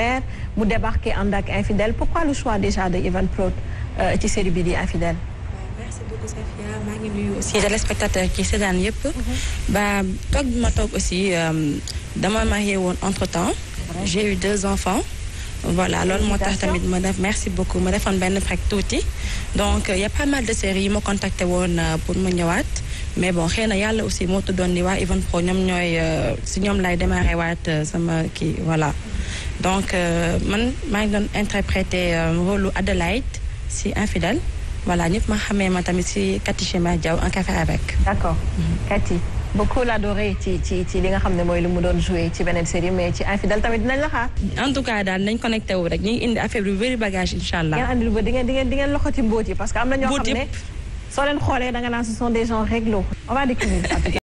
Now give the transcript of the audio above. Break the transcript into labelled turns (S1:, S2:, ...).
S1: maire mu débarqué ànd ak infidèle pourquoi le choix déjà de Evan Prod euh, ci série bi di infidèle
S2: merci beaucoup Safia maa
S1: ci seetaan yëpp ba
S3: toog bi ma toog aussi euh, dama marié woon entre temps j'ai eu deux enfants voilà loolu moo tax tamit ma def merci beaucoup ma defoon benn break tuuti donc euh, y a pas mal de séries yi ma contacté woon pour ma ñëwaat mais bon xëy na yàlla aussi moo tuddoon ni waa Evan Prod ñoom ñooy si ñoom lay démarré waat sama kii voilà donc euh, man maa ngi doon interprété euh, rôle Adelaide si Infidèles voilà
S1: ñëpp ma xamee ma tamit si Cathy Chema Diaw un café avec. d'accord mhm. Cathy. beaucoup la adoré ci ci ci li nga xam ne mooy lu mu doon joué ci beneen ci infidèle tamit dinañ la en tout
S3: cas daal nañ connecté rek ñu ngi indi affaire yu bëri bagage incha allah. ngeen andi lu
S1: bëri di ngeen mbóot yi parce que am na ñoo xam ne. soo leen xoolee da nga naan ce des gens réglo. on va découvrir